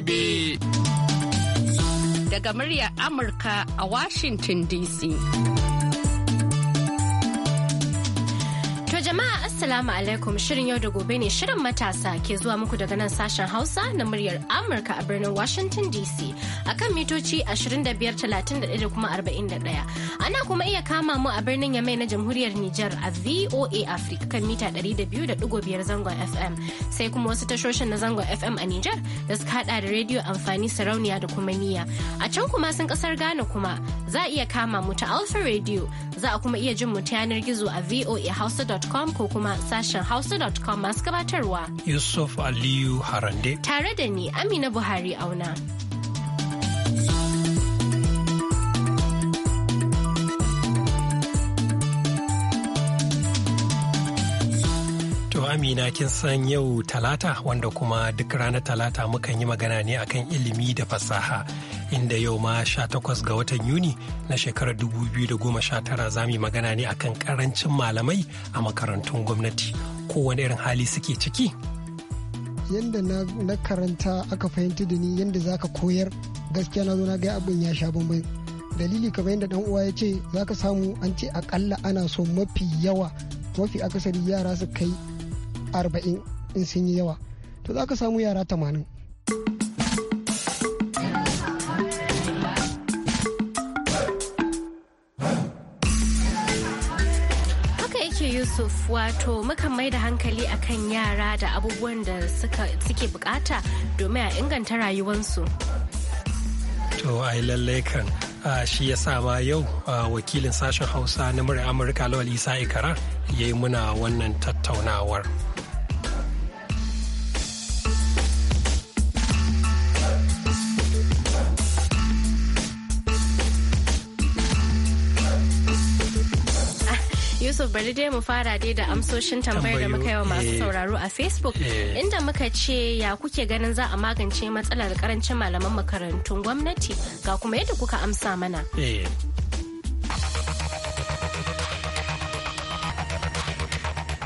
gobe. Daga muryar Amurka a Washington DC. To jama'a Assalamu alaikum shirin yau da gobe ne shirin matasa ke zuwa muku daga nan sashen Hausa na muryar Amurka a birnin Washington DC akan mitoci 25, 31 da kuma 41. Ana kuma iya kama mu a birnin Yamai na Jamhuriyar Nijar a VOA Africa kan mita 200.5 zangon FM. Sai kuma wasu tashoshin na zangon FM a Nijar da suka hada da rediyo amfani sarauniya da kuma niya. A can kuma sun kasar Ghana kuma za a iya kama mu ta Alfa Radio za a kuma iya jin mu ta yanar gizo a voahausa.com ko kuma sashen hausa.com masu gabatarwa. Yusuf Aliyu Harande. Tare da ni Amina Buhari Auna. Amina kin san yau talata wanda kuma duk ranar talata mukan yi magana ne akan ilimi da fasaha inda yau ma 18 ga watan Yuni na shekarar 2019 za mu yi magana ne akan karancin malamai a makarantun gwamnati ko wani irin hali suke ciki. Yanda na karanta aka fahimta da ni yanda za ka koyar gaskiya na zo na ga abin ya sha bambai. Dalili kamar yadda dan uwa ya ce za ka samu an ce akalla ana so mafi yawa mafi akasari yara su kai arba'in in sun yi yawa to za ka samu yara tamanin Yusuf wato mukan mai da hankali akan yara da abubuwan da suke bukata domin a inganta rayuwansu. To ai lallai kan shi ya sa ma yau wakilin sashen Hausa na murar Amurka Lawal Isa Ikara ya yi muna wannan tattaunawar. Yusuf bari dai mu fara dai da amsoshin tambayar da muka yi wa masu eh. sauraro a Facebook eh. inda muka ce ya kuke ganin za a magance matsalar karancin malaman makarantun gwamnati ga kuma yadda kuka amsa mana. Eh.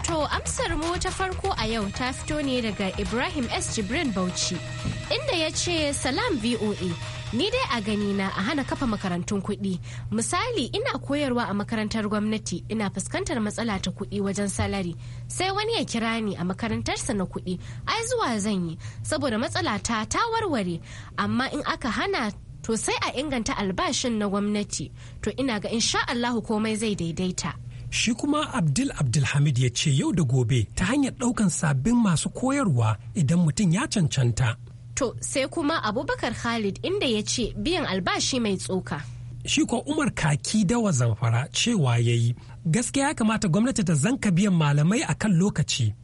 To amsar mu ta farko a yau ta fito ne daga Ibrahim S. Jibrin Bauchi inda ya ce salam VOA Ni dai a gani na a hana kafa makarantun kuɗi. Misali ina koyarwa a makarantar gwamnati ina fuskantar matsala ta kuɗi wajen salari. Sai wani ya kira ni a makarantarsa na kuɗi. Ai zuwa zan yi saboda matsala ta ta warware. Amma in aka hana to sai a inganta albashin na gwamnati. To ina ga insha Allahu komai zai daidaita. Shi kuma Abdul Abdulhamid ya ce yau da gobe ta hanyar ɗaukan sabbin masu koyarwa idan mutum ya cancanta. To sai kuma Abubakar Khalid inda ya ce biyan albashi mai tsoka. Shi ko Umar Kaki dawa zamfara cewa ya yi gaskiya ya kamata gwamnati ta zanka biyan malamai a kan lokaci.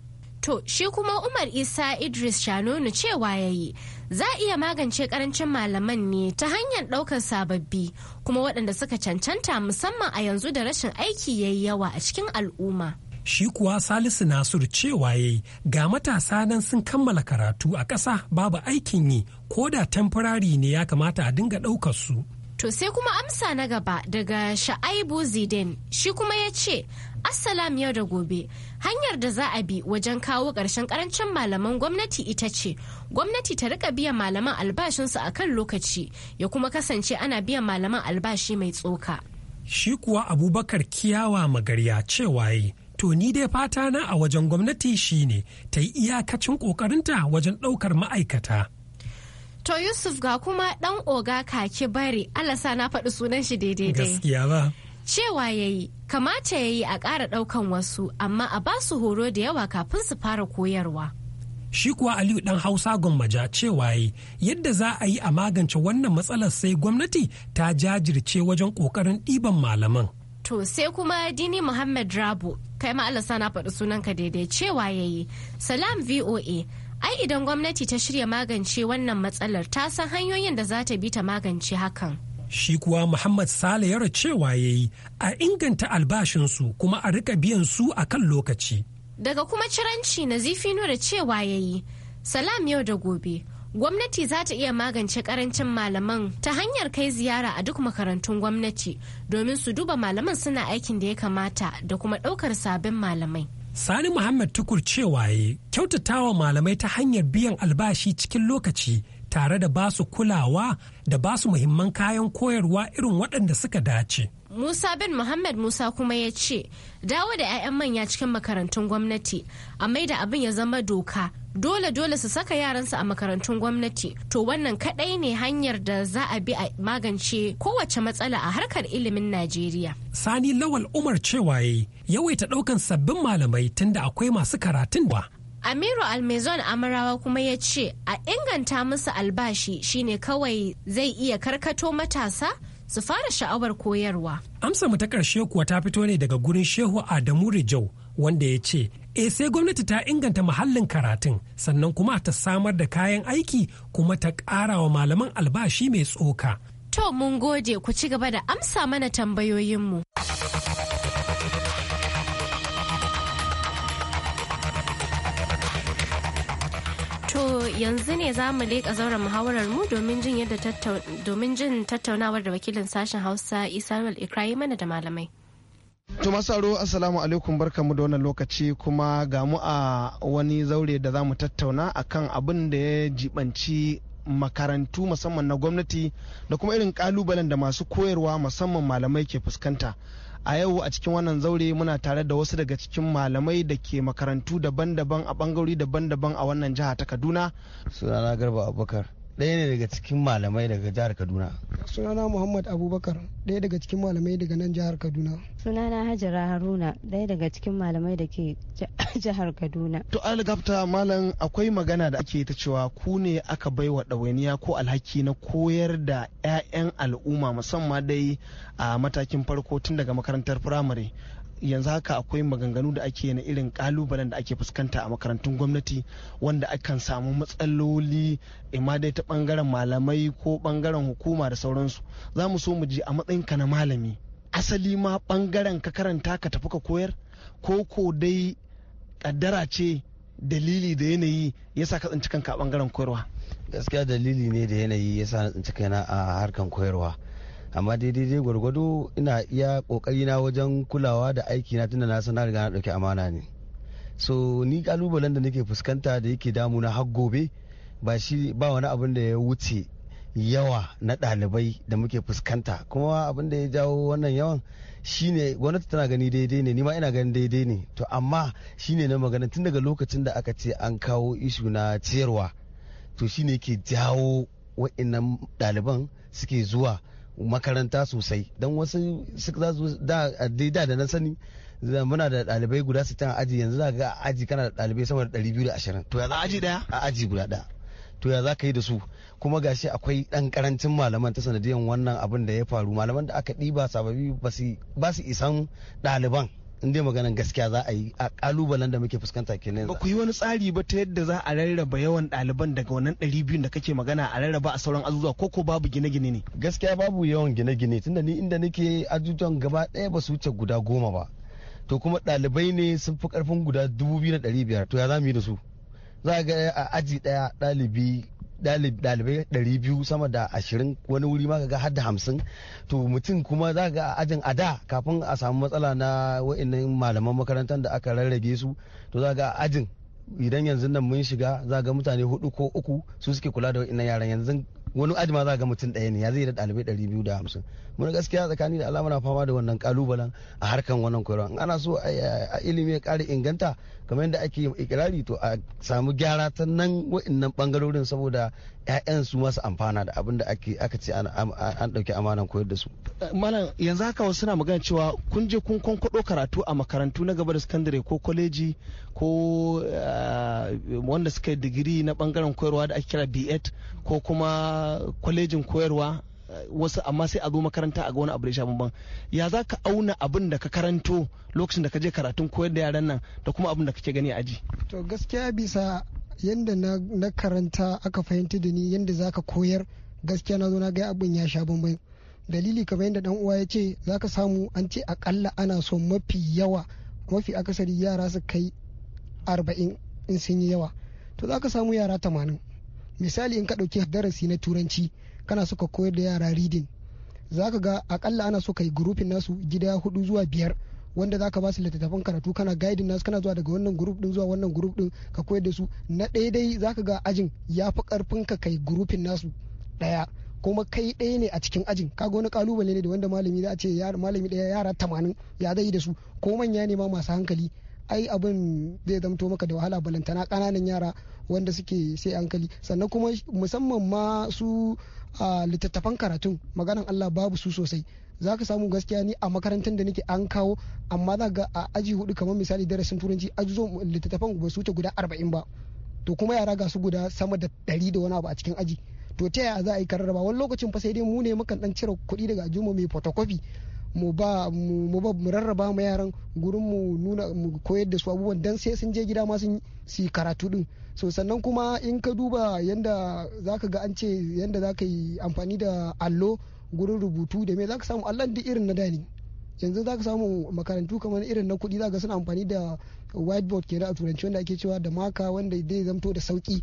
To shi kuma Umar Isa Idris Shanonu cewa ya yi za iya magance karancin malaman ne ta hanyar ɗaukar sababbi kuma waɗanda suka cancanta musamman a yanzu da rashin aiki ya yi yawa a cikin al'umma. shi kuwa salisu nasiru cewa yi ga matasa nan sun kammala karatu a ƙasa babu aikin yi ko da temporary ne ya kamata a dinga ɗaukar su to sai kuma amsa na gaba daga sha'aibu zidane shi kuma ya ce assalam yau da gobe hanyar da za a bi wajen kawo ƙarshen ƙarancin malaman gwamnati ita ce gwamnati ta rika biyan malaman albashinsu a kan lokaci ya kuma kasance ana biyan malaman albashi mai tsoka shi kuwa abubakar kiyawa magarya cewa yi to ni dai fata na a wajen gwamnati shine ta yi iyakacin ƙoƙarinta wajen ɗaukar ma'aikata. To Yusuf ga kuma ɗan oga kaki bari alasa na faɗi sunan shi daidai dai. Gaskiya ba. Cewa ya yi, kamata ya yi a ƙara ɗaukan wasu, amma a ba su horo da yawa kafin su fara koyarwa. Shi kuwa Aliyu ɗan Hausa gwammaja cewa yi, yadda za a yi a magance wannan matsalar sai gwamnati ta jajirce wajen ƙoƙarin ɗiban malaman. To sai kuma Dini Muhammad Rabu, kai ma Allah sana faɗi sunanka daidai cewa yayi. Salam VOA, ai idan gwamnati ta shirya magance wannan matsalar ta san hanyoyin da za ta bi ta magance hakan. Shi kuwa Muhammad Sale yara cewa yayi a inganta albashinsu kuma a rika biyan su a kan lokaci. Daga kuma ciranci na zifi da cewa yayi. Salam yau da gobe. Gwamnati za ta iya magance karancin malaman ta hanyar kai ziyara a duk makarantun gwamnati domin su duba malaman suna aikin da ya kamata da kuma ɗaukar sabbin malamai. Sani Muhammad Tukur cewa ya kyautatawa malamai ta hanyar biyan albashi cikin lokaci tare da basu kulawa da basu muhimman kayan koyarwa irin waɗanda suka dace. Musa bin Muhammad Musa kuma ya ce, dawo da 'ya'yan manya cikin makarantun gwamnati, a maida abin ya zama doka, dole dole su saka yaransu a makarantun gwamnati. To wannan kadai ne hanyar da za a bi a magance kowace matsala a harkar ilimin Najeriya. Sani Lawal Umar cewa yawaita ɗaukan sabbin malamai tunda akwai masu karatun ba. Amiru Almezon Amarawa kuma ya ce a inganta musu albashi shine kawai zai iya karkato matasa su fara sha'awar koyarwa. Amsa mu ta ƙarshe kuwa ta fito ne daga gurin Shehu Adamu Rijau wanda ya ce, E sai gwamnati ta inganta muhallin karatun sannan kuma ta samar da kayan aiki kuma ta ƙara wa malaman albashi mai tsoka. To mun gode ku ci gaba da amsa mana tambayoyinmu. yanzu ne za mu leƙa zauren muhawarar mu domin jin tattaunawar da wakilin sashen Hausa Ismail Ikrayi mana da malamai. To masu aro assalamu alaikum barkamu da wannan lokaci kuma ga mu a wani zaure da za mu tattauna akan abin da ya jibanci makarantu musamman na gwamnati da kuma irin kalubalen da masu koyarwa musamman malamai ke fuskanta. a yau a cikin wannan zaure muna tare da wasu daga cikin malamai da ke makarantu daban-daban a bangarori daban-daban a wannan jiha ta kaduna sunana garba abubakar ɗaya ne daga cikin malamai daga jihar kaduna sunana muhammad abubakar ɗaya daga cikin malamai daga nan jihar kaduna sunana hajara haruna ɗaya daga cikin malamai da ke jihar kaduna to algafta malam akwai magana da ake ta cewa ku ne aka baiwa ɗawainiya ko alhaki na koyar da 'ya'yan al'umma musamman dai a matakin farko tun daga makarantar firamare yanzu haka akwai maganganu da ake na irin kalubalen da ake fuskanta a makarantun gwamnati wanda akan samu matsaloli ima eh, dai ta bangaren malamai ko bangaren hukuma da sauransu za mu so mu ji a matsayinka na malami asali ma bangaren ka karanta ka tafi ka koyar ko ko dai kaddara ce dalili da yanayi yasa ka tsinci kanka a bangaren koyarwa gaskiya dalili ne da yanayi yasa na tsinci kaina a harkan koyarwa amma daidai gwargwado ina iya kokari na wajen kulawa da aiki na tunda na san na riga na dauki amana ne so ni kalubalen da nake fuskanta da yake damu na har gobe ba shi ba wani abin da ya wuce yawa na ɗalibai da muke fuskanta kuma abin da ya jawo wannan yawan shine gwamnati tana gani daidai ne nima ina ganin daidai ne to amma shine na magana tun daga lokacin da aka ce an kawo ishu na ciyarwa to shine ke jawo wa'annan ɗaliban suke zuwa makaranta sosai don wasu da da na sani muna da ɗalibai guda su a aji yanzu za ga aji kana da ɗalibai sama da 220 to ya za aji daya a aji guda daya to ya za ka yi da su kuma gashi akwai ɗan karancin malaman ta sanadiyan wannan abin da ya faru malaman da aka ɗiba sababi ba su isan ɗaliban in dai maganan gaskiya za a yi a kalubalen da muke fuskanta kenan ba ku yi wani tsari ba ta yadda za a rarraba yawan ɗaliban daga wannan ɗari biyun da kake magana a rarraba a sauran azuzuwa ko ko babu gine-gine ne gaskiya babu yawan gine-gine tunda ni inda nake ajujuwan gaba ɗaya ba su wuce guda goma ba to kuma ɗalibai ne sun fi karfin guda dubu biyu da ɗari biyar to ya za mu yi da su za a ga a aji ɗaya ɗalibi dalibai ɗari biyu sama da ashirin wani wuri ma ga har da hamsin to mutum kuma za ga ajin a da kafin a samu matsala na wa'annan malaman makarantar da aka rarrage su to za ga ajin idan yanzu nan mun shiga za ga mutane hudu ko uku su suke kula da wa'annan yaran yanzu wani ajima za ga mutum ɗaya ne ya zai da ɗalibai ɗari biyu da hamsin muna gaskiya tsakani da alama fama da wannan kalubalen a harkan wannan koyarwa ana so a ilimi ya ƙara inganta kamar yadda ake ikirari to a samu gyara ta nan wa'innan bangarorin saboda 'ya'yan su masu amfana da abin da aka ce an ɗauki amanan koyar da su. malam yanzu haka wasu na magana cewa kun je kun kwankwaɗo karatu a makarantu na gaba da sakandare ko kwaleji ko eh, wanda suka yi digiri na bangaren koyarwa da ake kira B.Ed ko kuma kwalejin koyarwa eh, wasu amma sai a zo makaranta a ga wani abu da ya ban ya za ka auna abin da ka karanto lokacin da ka je karatun koyar da yaran nan da kuma abin da kake gani aji to gaskiya bisa yadda na, karanta aka fahimta da ni yanda za ka koyar gaskiya na zo na ga abin ya sha bambam dalili kamar yadda dan uwa ya ce za ka samu an ce akalla ana so mafi yawa mafi akasari yara su kai arba'in in sun yi yawa to za ka samu yara tamanin misali in ka ɗauki darasi na turanci kana suka koyar da yara reading za ka ga akalla ana so ka yi gurufin nasu gida hudu zuwa biyar wanda za ka ba su littattafan karatu kana guidin nasu kana zuwa daga wannan gurup din zuwa wannan gurup din ka koyar da su na daidai dai za ka ga ajin ya fi karfin ka kai gurufin nasu ɗaya kuma kai ɗaya ne a cikin ajin kaga wani kalubale ne da wanda malami za a ce malami ɗaya yara tamanin ya zai da su ko manya ne ma masu hankali ai abin zai zamto maka da wahala balantana kananan yara wanda suke sai hankali sannan kuma musamman ma su littattafan karatun maganan Allah babu su sosai za ka samu gaskiya ni a makarantar da nake an kawo amma za ga a aji hudu kamar misali darasin turanci zo littattafan ba su guda arba'in ba to kuma yara ga su guda sama da ɗari da wani abu a cikin aji to ta yaya za a yi ba wani lokacin fa sai dai mu ne mukan dan cire kuɗi daga ajinmu mai photocopy mu ba mu mu rarraba mu yaran gurin mu nuna mu koyar da su abubuwan dan sai sun je gida ma sun yi karatu din so sannan kuma in ka duba yanda zaka ga an ce yanda zaka yi amfani da allo gurin rubutu da me zaka samu allon duk irin na dani yanzu zaka samu makarantu kamar irin na kuɗi zaka suna amfani da whiteboard ke da a turanci wanda ake cewa da maka wanda zai zamto da sauki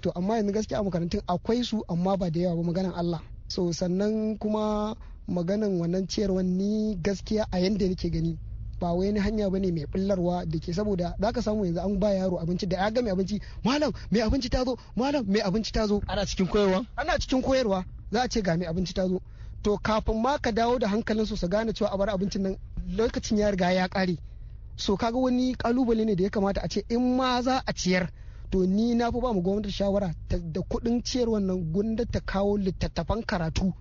to amma yanzu gaskiya a makarantun akwai su amma ba da yawa ba maganan Allah so sannan kuma maganan wannan ciyarwan ni gaskiya a yanda nake gani ba wai ni hanya bane mai bullarwa da ke saboda za ka samu yanzu an ba yaro abinci da ya ga mai abinci malam mai abinci ta zo malam mai abinci ta zo ana cikin koyarwa ana cikin koyarwa za a ce ga mai abinci ta zo to kafin ma ka dawo da hankalinsu su gane cewa a bar abincin nan lokacin ya riga ya kare so kaga wani kalubale ne da ya kamata a ce in ma za a ciyar to ni na fi ba mu gwamnati shawara da kuɗin ciyar wannan gunda ta kawo littattafan karatu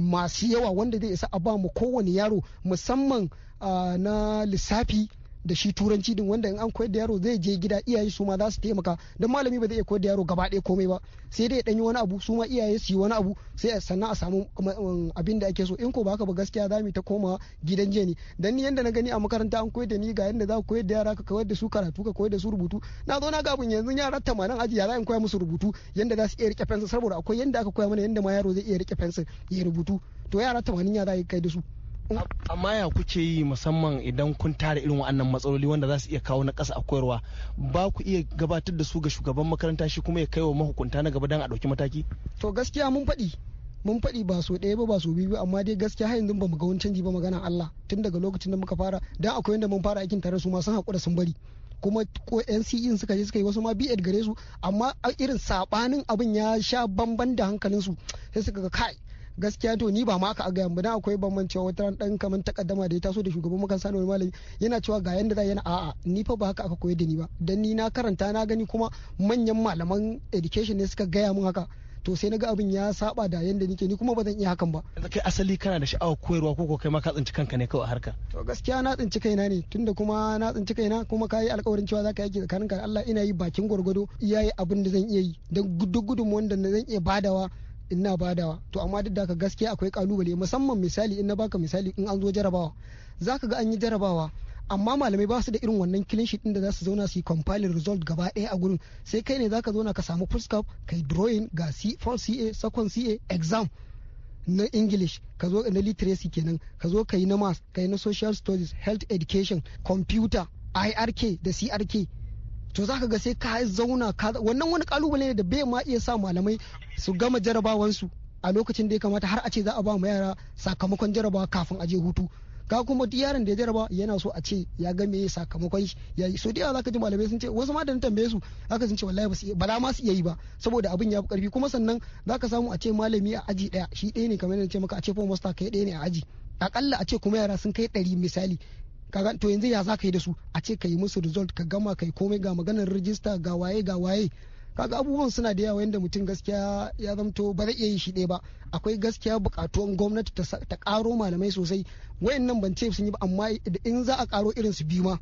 masu yawa wanda zai isa a ba mu kowane yaro musamman ah, na lissafi da shi turanci din wanda in an koyar da yaro zai je gida iyaye su ma za su taimaka don malami ba zai iya koyar da yaro gaba ɗaya komai ba sai dai ɗanyi wani abu su ma iyaye su yi wani abu sai sannan a samu um, um, abin da ake so in ko ba haka ba gaskiya za mu ta koma gidan jiya ne dan ni yanda na gani a makaranta an koyar da ni ga yanda za ku koyar da yara ka koyar da su karatu ka koyar da su rubutu na zo na ga abin yanzu yara tamanin aji yara in koya musu rubutu yanda za su iya rike fensir saboda akwai yanda aka koya mana yanda ma yaro zai iya rike fensir ya rubutu to yara tamanin ya za kai da su amma ya kuke yi musamman idan kun tara irin wa'annan matsaloli wanda za su iya kawo na ƙasa a koyarwa ba ku iya gabatar da su ga shugaban makaranta shi kuma ya kai wa mahukunta na gaba don a ɗauki mataki to gaskiya mun faɗi mun faɗi ba so ɗaya ba ba so biyu amma dai gaskiya har yanzu ba mu ga wani canji ba maganan Allah tun daga lokacin da muka fara dan akwai wanda mun fara aikin tare su ma sun haƙura sun bari kuma ko NCE suka je suka yi wasu ma B.Ed gare su amma irin sabanin abin ya sha bamban da hankalin su sai suka ga kai gaskiya to ni ba ma aka gaya mu na akwai bambancewa wata ran dan kaman takaddama da ya taso da shugaban makan sanar malami yana cewa ga yanda zai yana a'a ni fa ba haka aka koyar da ni ba dan ni na karanta na gani kuma manyan malaman education ne suka gaya mun haka to sai naga abin ya saba da yanda nike ni kuma ba zan iya hakan ba yanzu kai asali kana da sha'awar koyarwa ko kai ma ka tsinci kanka ne kawai a harka to gaskiya na tsinci kaina ne tunda kuma na tsinci kaina kuma kai alƙawarin cewa zaka yi tsakaninka Allah ina yi bakin gwargwado iyaye abin da zan iya yi dan duk gudun wanda zan iya badawa ina badawa to amma duk da ka gaskiya akwai kalubale musamman misali in na baka misali in an zo jarabawa ka ga an yi jarabawa amma malamai ba su da irin wannan kilin sheet din da za su zauna su yi compiling result gaba ɗaya a gurin sai kai ne za ka zauna ka samu fuska kai drawing ga C4 CA second CA exam na english ka zo na literacy kenan ka zo ka yi na math ka yi na social studies health education computer irk da crk to zaka ga sai ka zauna wannan wani kalubale ne da bai ma iya sa malamai su gama jarabawansu a lokacin da ya kamata har a ce za a ba ma yara sakamakon jarabawa kafin a je hutu ka kuma duk yaron da ya jaraba yana so a ce ya ga sakamakon shi ya yi so da yawa zaka ji malamai sun ce wasu ma da na tambaye su zaka sun ce wallahi ba su ba bala ma su iya yi ba saboda abin ya fi karfi kuma sannan zaka samu a ce malami a aji daya shi ɗaya ne kamar yadda ce maka a ce fomosta kai ɗaya ne a aji akalla a ce kuma yara sun kai ɗari misali kaga to yanzu ya za ka yi da su a ce ka yi musu result ka gama kai komai ga maganar rijista ga waye ga waye kaga abubuwan suna da yawa yadda mutum gaskiya ya zamto ba zai iya yi shi ɗaya ba akwai gaskiya buƙatuwan gwamnati ta ƙaro malamai sosai wayannan ban ce sun yi ba amma in za a ƙaro irin su biyu ma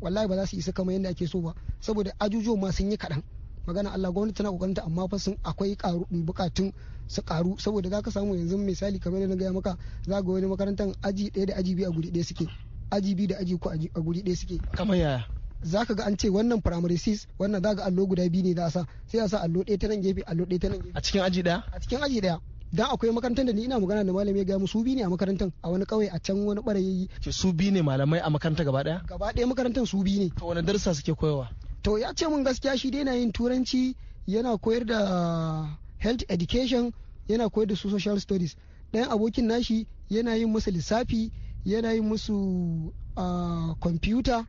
wallahi ba za su isa kamar yadda ake so ba saboda ajujuwan ma sun yi kaɗan magana Allah gwamnati tana kokarin ta amma fa sun akwai bukatun su karu saboda zaka samu yanzu misali kamar yadda na gaya maka za ga wani makarantar aji ɗaya da aji biyu a guri ɗaya suke aji biyu da aji ko a guri ɗaya suke kamar yaya za ka ga an ce wannan primary six wannan za ga allo guda biyu ne za a sa sai a sa allo ɗaya ta nan gefe allo ɗaya ta nan gefe a cikin aji ɗaya a cikin aji ɗaya dan akwai makarantar da ni ina magana da malami ya ga su biyu ne a makarantar a wani kawai a can wani Ke su biyu ne malamai a makaranta gaba ɗaya gaba ɗaya makarantar su biyu ne to wani darsa suke koyawa to ya ce mun gaskiya shi dai na yin turanci yana koyar da health education yana koyar da su social studies ɗayan abokin nashi yana yin masa lissafi yana yi musu a kwamfuta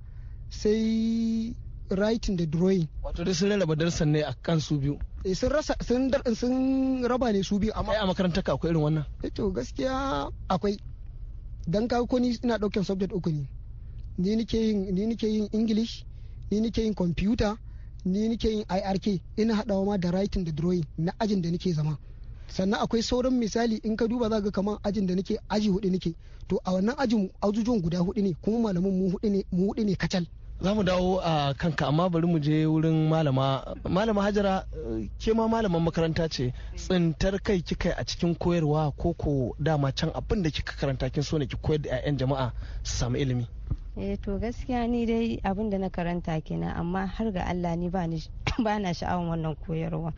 sai writing da drawing wato dai sun rarraba darsan ne a kan su biyu eh, sun raba ne su biyu amma a makaranta ka akwai irin wannan eh, to gaskiya akwai dan ka ko ni ina daukan subject uku ne ni nike yin ni nike yin english ni nike yin computer ni nike yin irk ina hadawa ma da writing da drawing na ajin da nike zama sannan akwai sauran misali in ka duba za ka kamar ajin da nake aji hudu nake to a wannan ajin ajujuwan guda hudu ne kuma malamin mu hudu ne mu hudu ne kacal za mu dawo a kanka amma bari mu je wurin malama malama hajara ke ma malaman makaranta ce tsintar kai kika a cikin koyarwa ko ko dama can abin da kika karanta kin so ne ki koyar da 'ya'yan jama'a su samu ilimi eh to gaskiya ni dai abin da na karanta kenan amma har ga Allah ni ba na sha'awan wannan koyarwa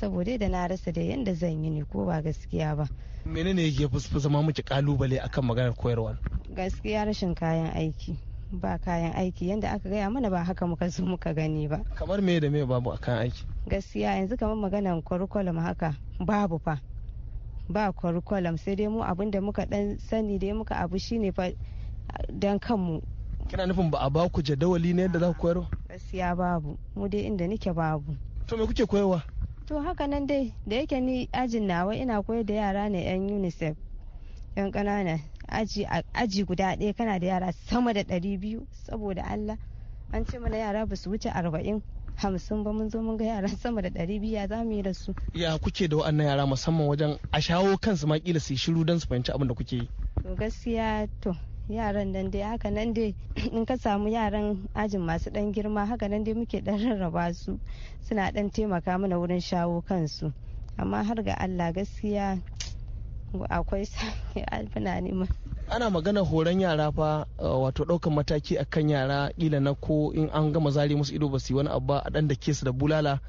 saboda da na rasa da yadda zan yi ne ko ba gaskiya ba menene ya yake zama miki kalubale akan maganar koyarwa gaskiya rashin kayan aiki ba kayan aiki yadda aka gaya mana ba haka muka zo muka gani ba kamar me da me babu a kayan aiki gaskiya yanzu kamar maganar curriculum haka babu fa ba curriculum sai dai mu abin da muka dan sani dai muka abu shine fa dan kanmu kina nufin ba a ba ku jadawali ne yadda za ku koyarwa gaskiya babu mu dai inda nike babu to me kuke koyarwa to haka nan dai da yake ni ajin nawa ina koyar da yara ne yan unicef yan kanana aji guda ɗaya kana da yara sama da ɗari biyu saboda allah an ce mana yara ba su wuce arba'in hamsin ba mun zo mun ga yara sama da ɗari biya za mu yi da su. Ya kuke da waɗannan yara musamman wajen a shawo kansu ma kila su yi shiru don su fahimci abin da kuke yi. To gaskiya to yaran nan dai haka nan dai in ka samu yaran ajin masu dan girma haka nan dai muke dan rarraba su suna dan taimaka mana wurin shawo kansu amma har ga allah gaskiya akwai alfina nima ana magana horon yara fa eh, wato ɗaukar mataki akan yara ƙila na ko in an gama zari musu ido ba su yi wani abu ba a ɗan da kesu da bulala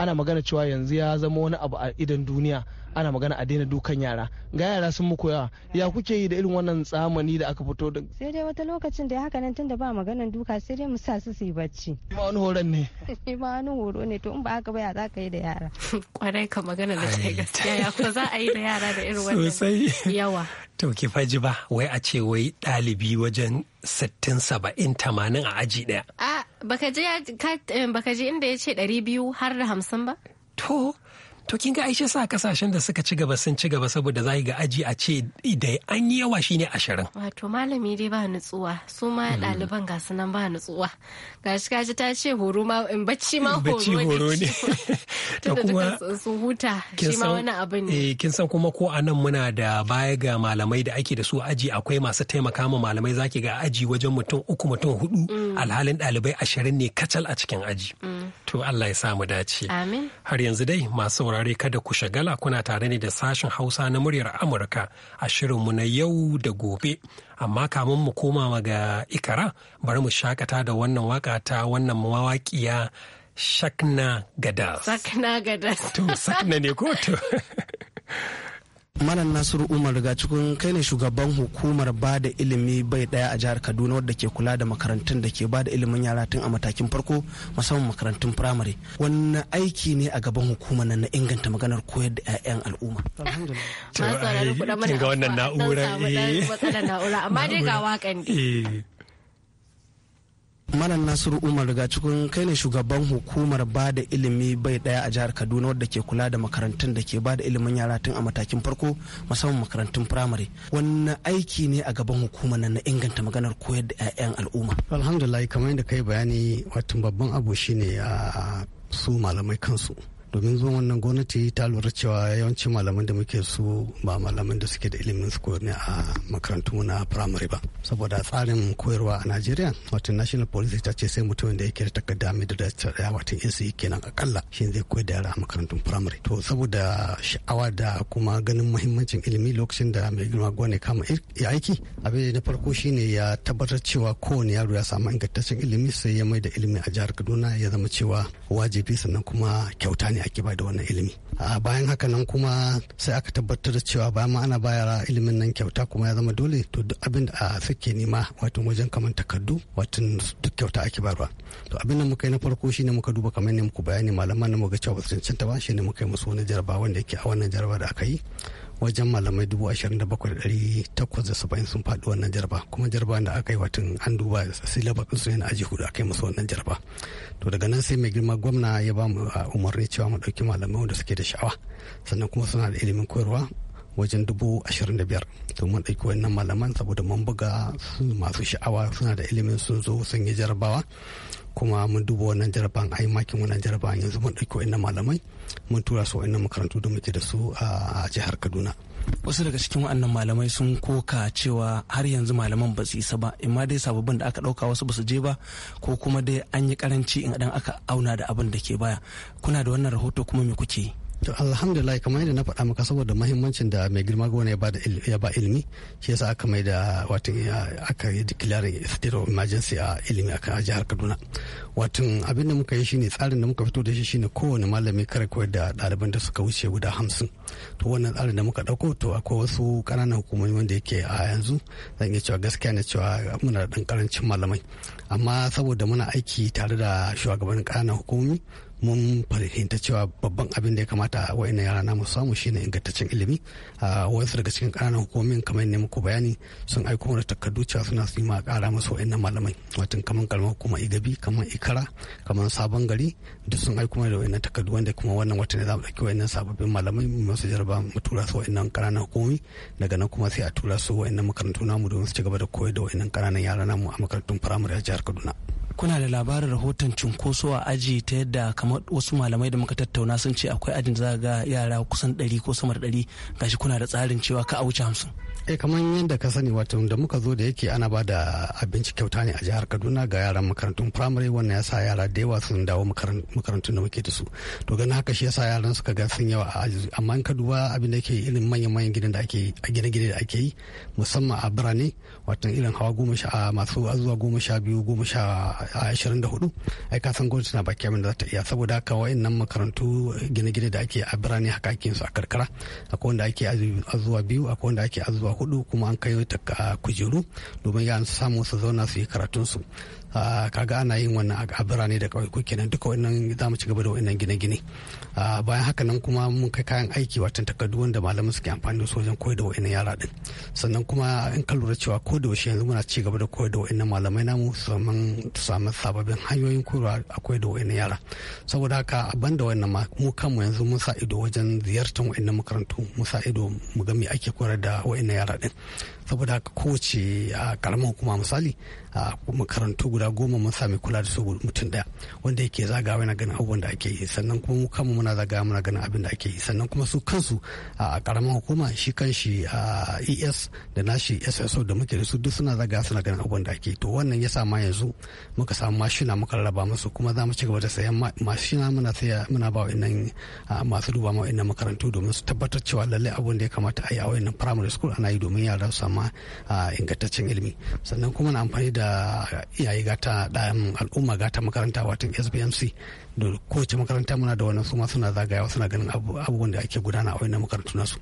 ana magana cewa yanzu ya zama wani abu a idan duniya ana magana a daina dukan yara ga yara sun muku yawa ya kuke yi da irin wannan tsamani da aka fito da sai dai wata lokacin da haka nan tunda ba maganan duka sai dai mu sa su su yi bacci ma wani horon ne ma wani horo ne to in ba haka ba ya za ka yi da yara kwarai ka magana da ta gaskiya ya ko za a yi da yara da irin wannan yawa To ki faji ba wai a ce wai ɗalibi wajen sittin saba'in tamanin a aji ɗaya. A baka je eh, inda ya ce ɗari biyu har da hamsin ba? To to kin ga aisha sa kasashen da suka ci gaba sun ci gaba saboda za ga aji a ce idan an yi yawa shine ashirin wato malami dai ba nutsuwa su ma hmm. ɗaliban ga su nan ba nutsuwa ga shi kaji ta ce horo ma in bacci ma horo ne da kuma su huta shi ma wani abu ne eh, kin san kuma ko anan muna da baya ga malamai da ake da su aji akwai masu taimaka ma malamai zaki ga aji wajen mutum uku mutum hudu hmm. alhalin ɗalibai ashirin ne kacal a cikin aji hmm. to Allah ya samu dace amin har yanzu dai masu saurare kada ku shagala kuna tare ne da sashen Hausa na muryar Amurka a shirinmu na yau da gobe. Amma kamun mu koma ga ikara bari mu shakata da wannan waka ta wannan mawaƙiya Shakna Gadas. Sakna Gadas. To, Sakna ne ko to? Malam Nasiru Umar daga cikin kai ne shugaban hukumar ba da ilimi bai daya a jihar Kaduna wadda ke kula da makarantun da ke ba da ilimin yara tun a matakin farko musamman makarantun firamare. Wannan aiki ne a gaban hukumar nan na inganta maganar koyar da 'ya'yan al'umma. Alhamdulillah. Kin ga wannan eh. na'ura. Amma dai ga waƙan eh. malam nasiru umar daga cikin kai ne shugaban hukumar ba da ilimi bai daya a jihar kaduna wadda ke kula da makarantun da ke ba da ilimin yara tun a matakin farko musamman makarantun firamare wannan aiki ne a gaban hukumar nan na inganta maganar koyar da 'ya'yan al'umma alhamdulillah kamar yadda kai bayani wata babban abu shine a ah, su malamai kansu domin zuwan wannan gwamnati ta lura cewa yawanci malaman da muke su ba malaman da suke da ilimin su ne a makarantu na firamare ba saboda tsarin koyarwa a najeriya wato national Police ta ce sai mutumin da yake da takarda mai da daya wato nce kenan akalla shi zai koyar da yara a makarantun firamare to saboda sha'awa da kuma ganin muhimmancin ilimi lokacin da mai girma gwani kama ya aiki abin na farko shine ya tabbatar cewa kowane yaro ya samu ingantaccen ilimi sai ya mai da ilimi a jihar kaduna ya zama cewa wajibi sannan kuma kyauta ne ne ba da wannan ilimi a bayan haka nan kuma sai aka tabbatar da cewa bayan ma ana ba ilimin nan kyauta kuma ya zama dole to duk abin da suke nema wato wajen kaman takardu wato duk kyauta ake bayarwa to abin da muka yi na farko shi ne muka duba kamar ne muku bayani malaman na ga cewa ba su cancanta ba ne muka yi musu wani jaraba wanda yake a wannan jaraba da aka yi wajen malamai dubu ashirin da bakwai dari takwas da saba'in sun faɗi wannan jarba kuma jarba da aka yi watan an duba silaba su yana aji hudu aka yi musu wannan jarba to daga nan sai mai girma gwamna ya ba mu umarni cewa mu ɗauki malamai wanda suke da sha'awa sannan kuma suna da ilimin koyarwa wajen dubu ashirin da biyar to mun ɗauki wannan malaman saboda mun buga su masu sha'awa suna da ilimin sun zo sun yi jarabawa kuma mun duba wannan jaraban a yi makin wannan jaraban yanzu mun ɗauki wa'in malamai mun tura su wa'in makarantu da muke da su a jihar kaduna wasu daga cikin waɗannan malamai sun koka cewa har yanzu malaman ba su isa ba imma dai sababbin da aka ɗauka wasu ba su je ba ko kuma dai an yi karanci in aka auna da abin da ke baya kuna da wannan rahoto kuma me kuke yi to alhamdulillah kamar yadda na faɗa maka saboda mahimmancin da mai girma gona ya ba ilimi shi yasa aka mai da wato aka yi declaring state of emergency a ilimi a jihar kaduna wato abin da muka yi shine tsarin da muka fito da shi shine kowane malami kare koyar da ɗaliban da suka wuce guda hamsin to wannan tsarin da muka ɗauko to akwai wasu ƙananan hukumomi wanda yake a yanzu zan iya cewa gaskiya na cewa muna da ɗan ƙarancin malamai amma saboda muna aiki tare da shugabannin ƙananan hukumomi mun fahimta cewa babban abin da ya kamata wa'ina yara namu samu shine ingantaccen ilimi a wasu daga cikin ƙananan hukumomin kamar ne muku bayani sun aiko mana takardu cewa suna su yi ma ƙara masu wa'ina malamai wato kamar kalmar kuma igabi kamar ikara kamar sabon gari da sun aiko mana da wa'ina takardu wanda kuma wannan watan ne za mu ɗauki wa'ina sababbin malamai mu masu jaraba mu tura su wa'ina ƙananan hukumomi daga nan kuma sai a tura su wa'ina makarantu namu domin su ci gaba da koyar da wa'ina ƙananan yara namu a makarantun firamare a jihar Kaduna. kuna da labarin rahoton cunkoso a aji ta yadda kamar wasu malamai da muka tattauna sun ce akwai ajin za ga yara kusan ɗari ko sama da ɗari gashi kuna da tsarin cewa ka a wuce hamsin. eh kamar yadda ka sani wato da muka zo da yake ana ba da abinci kyauta ne a jihar kaduna ga yaran makarantun firamare wannan ya sa yara da yawa sun dawo makarantun da muke da su to ganin haka shi yasa yaran suka ga sun yawa a aji amma in ka duba abin da yake irin manyan manyan gidan da ake a gine-gine da ake yi musamman a birane wato irin hawa goma sha masu zuwa goma sha biyu goma sha 24 ai kasan san gwamnati na baki abin da za ta iya saboda haka nan makarantu gine-gine da ake a birane haka ake su a karkara akwai wanda ake azuwa biyu akwai wanda ake azuwa hudu kuma an kai ta kujeru domin yaran su samu su zauna su yi karatun su Ah, kaga ana yin wannan a birane da ƙauyuku kenan duka wannan za mu ci gaba da wannan gine-gine ah, bayan haka nan kuma mun kai kayan aiki wata takardu wanda malaman suke amfani da su wajen koyar da wa'annan yara din sannan kuma in ka lura cewa ko da yaushe yanzu muna ci gaba da koyar da wa'annan malamai namu su samu sababbin hanyoyin koyarwa a koyar da wa'annan yara saboda haka ban da wannan ma mu kanmu yanzu mun sa ido wajen ziyartar wa'annan makarantu mun sa ido mu ga me ake koyar da wa'annan yara din saboda haka kowace a karamar hukuma misali a makarantu guda goma mun sami kula da su mutum daya wanda yake zagawa yana ganin abubuwan da ake yi sannan kuma mu kanmu muna zagawa muna ganin abin da ake yi sannan kuma su kansu a karamar hukuma shi kan shi a es da nashi sso da muke da su duk suna zagawa suna ganin abubuwan da ake to wannan ya sa ma yanzu muka samu mashina muka rarraba musu kuma za mu ci gaba da sayan mashina muna saya muna ba wa'annan masu duba ma wa'annan makarantu domin su tabbatar cewa lallai abin da ya kamata a yi a wa'annan primary school ana yi domin yara su samu a ingantaccen ilimi sannan kuma na amfani da iyaye gata al'umma gata makaranta watan sbmc da kowace makaranta muna da wannan su ma suna zagayawa suna ganin abubuwan da ake gudana a wannan makarantu nasu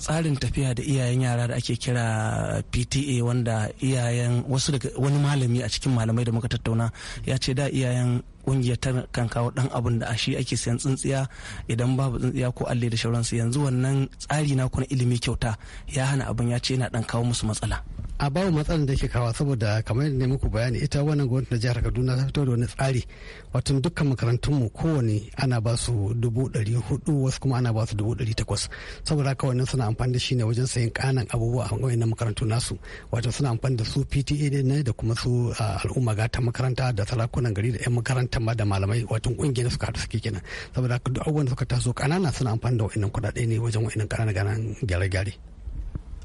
tsarin tafiya da iyayen yara da ake kira PTA wanda iyayen wasu daga wani malami a cikin malamai da muka tattauna ya ce da iyayen kungiyar ta kan kawo dan abun da shi ake sayan tsintsiya idan babu tsintsiya ko alle da shauransu yanzu wannan tsari na kuna ilimi kyauta ya hana abin ya ce yana dan kawo musu matsala a babu matsalar da yake kawa saboda kamar ne muku bayani ita wannan gwamnati na jihar kaduna ta fito da wani tsari wato dukkan makarantunmu kowane ana ba su dubu ɗari hudu wasu kuma ana ba su dubu ɗari takwas saboda haka wannan suna amfani da shi ne wajen sayan kanan abubuwa a wayannan makarantu nasu wato suna amfani da su pta ne da kuma su al'umma gatan makaranta da sarakunan gari da 'yan makarantar ma da malamai wato kungiyar suka haɗu suke kenan saboda haka duk abubuwan da suka taso kanana suna amfani da wa'innan kuɗaɗe ne wajen wa'innan kananan gyare-gyare.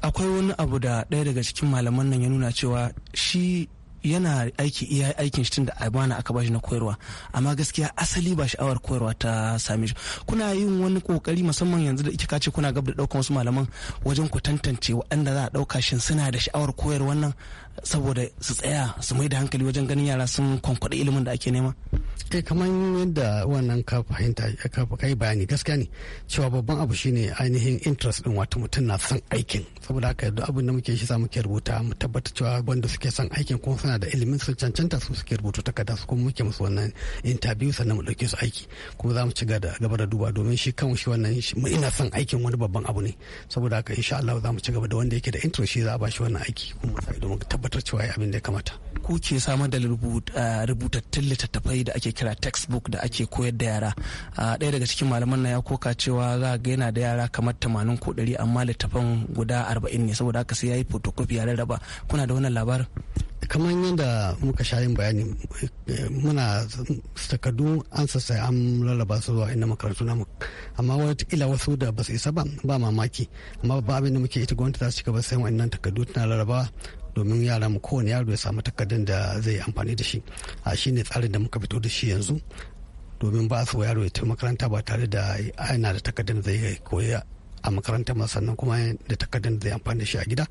akwai wani abu da ɗaya daga cikin malaman nan ya nuna cewa shi yana aiki iya aikin shi tun da amana aka bashi na koyarwa amma gaskiya asali ba sha'awar koyarwa ta same shi kuna yin wani kokari musamman yanzu da ike kace kuna gab da daukan wasu malaman wajen ku tantance waɗanda za a dauka shin suna da sha'awar koyarwa nan saboda su tsaya su mai da hankali wajen ganin yara sun kwankwaɗi ilimin da ake nema kai eh, kamar yadda wannan ka fahimta ka kai bayani gaskiya ne cewa babban abu shine ainihin interest din wato mutum na son aikin saboda haka duk abin da muke shi sa muke rubuta mu tabbata cewa wanda suke son aikin kuma suna da ilimin su cancanta su suke rubutu takarda su kuma muke musu wannan interview sannan mu dauke su aiki kuma za mu ci gaba da duba domin shi kan shi wannan mu ina son aikin wani babban abu ne saboda haka insha Allah za mu ci gaba da wanda yake da interest shi za a ba shi wannan aiki kuma sai domin tabbatar cewa abin da ya kamata ku ke samar da uh, rubutattun littattafai da ake kira textbook da ake koyar da yara uh, ɗaya daga cikin malaman na ya koka cewa za a gaina da yara kamar tamanin ko ɗari amma littattafan guda arba'in ne saboda haka sai ya yi photocopy ya rarraba kuna da wannan labarin kamar yadda muka sha yin bayani muna takardu an sassai an rarraba su zuwa inda makarantu namu amma ila wasu da ba su isa ba ba mamaki amma ba abin da muke ita gwamnati za su cika ba sai wa'annan takardu tana rarraba domin yara mu kowane yaro ya samu takardun da zai amfani da shi a shine tsarin da muka fito da shi yanzu domin ba su yaro ya tafi makaranta ba tare da aina da takardun zai koya a makaranta ma sannan kuma da takardun da zai amfani da shi a gida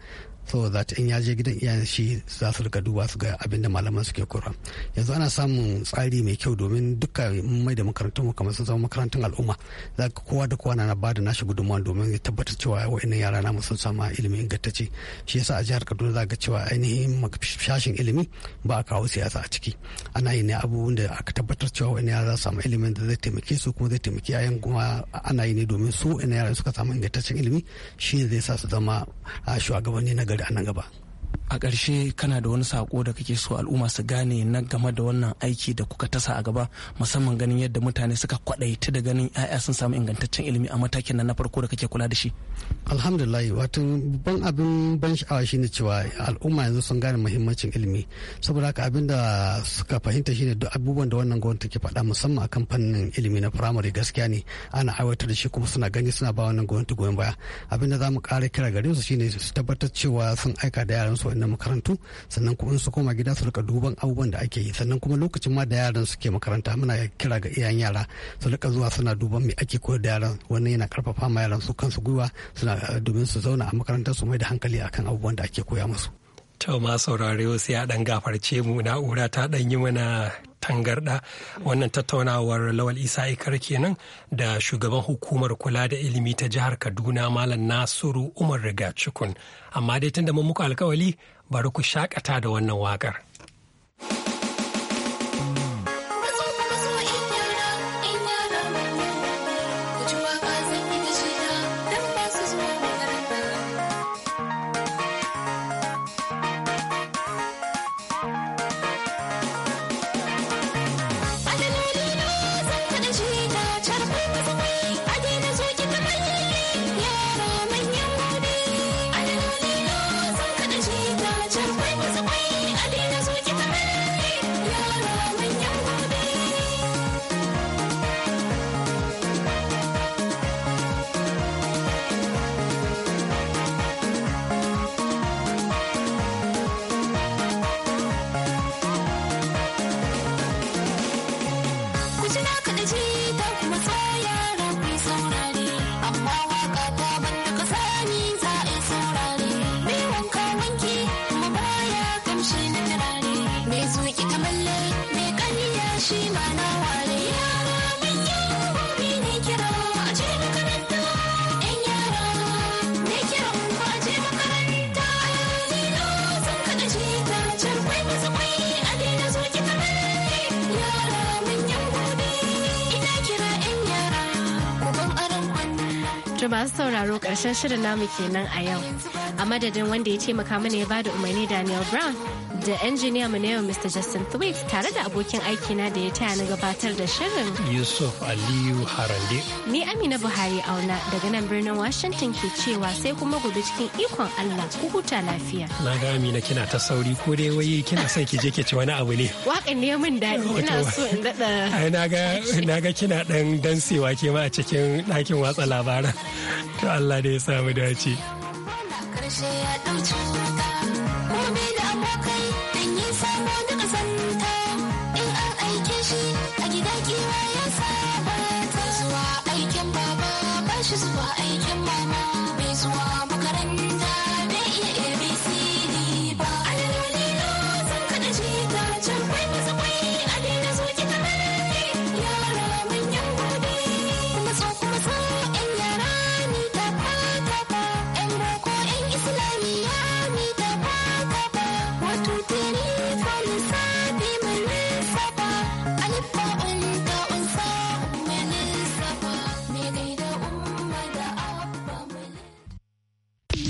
saboda in ya je gidan iyayen shi za su rika duba su ga abinda malaman suke kura yanzu ana samun tsari mai kyau domin duka mai da makarantun mu kamar sun zama makarantun al'umma za ka kowa da kowa na ba da nashi gudunmawa domin ya tabbatar cewa wa'annan yara na sun samu ilimi ingantacce shi yasa a jihar Kaduna za ka cewa ainihin shashin ilimi ba a kawo siyasa a ciki ana yi ne abubuwan da aka tabbatar cewa wa'annan yara za su samu ilimin da zai taimake su kuma zai taimaki yayan kuma ana yi ne domin su wa'annan yara suka samu ingantaccen ilimi shi zai sa su zama a shugabanni na gari a nan gaba a ƙarshe kana da wani sako da kake so al'umma su gane na game da wannan aiki da kuka tasa a gaba musamman ganin yadda mutane suka kwaɗaita da ganin 'ya'ya sun samu ingantaccen ilimi a matakin na farko da kake kula da shi alhamdulillah wato ban abin ban sha'awa shine cewa al'umma yanzu sun gane muhimmancin ilimi saboda haka abin da suka fahimta shine duk abubuwan da wannan gwamnati ke faɗa musamman akan fannin ilimi na firamare gaskiya ne ana aiwatar da shi kuma suna gani suna ba wannan gwamnati goyon baya abin da za mu ƙara kira garin su shine su tabbatar cewa sun aika da yaran su na makarantu sannan kuma in su koma gida su rika duban abubuwan da ake yi sannan kuma lokacin ma da yaran suke makaranta muna kira ga iyayen yara su rika zuwa suna duban me ake koyar da yaran wannan yana karfafa ma yaran su kansu gwiwa suna domin su zauna a makarantar su mai da hankali akan abubuwan da ake koya musu To ma saurare sai ya dan gafarce mu na'ura ta dan yi mana tangarda wannan tattaunawar lawal isa ikar kenan da shugaban hukumar kula da ilimi ta jihar kaduna malam nasiru umar rigacikun amma dai tun da mun muku alkawali bari ku shakata da wannan wakar. masu sauraro ƙarshen shirin namu kenan a yau. A madadin wanda ya taimaka mana ya bada umarni Daniel Brown da injiniya mu na yau Mr. Justin Thwait tare da abokin aikina da ya taya ni gabatar da shirin. Yusuf Aliyu Harande. Ni Amina Buhari auna daga nan birnin Washington ke cewa sai kuma gobe cikin ikon Allah ku huta lafiya. Na ga Amina kina ta sauri ko dai wai kina son ki je ki ci wani abu ne. Waƙan ne min daɗi ina so in daɗa. Ai na ga na ga kina ɗan dansewa ke ma a cikin ɗakin watsa labaran. To Allah da ya samu dace. Karshe ya ɗauki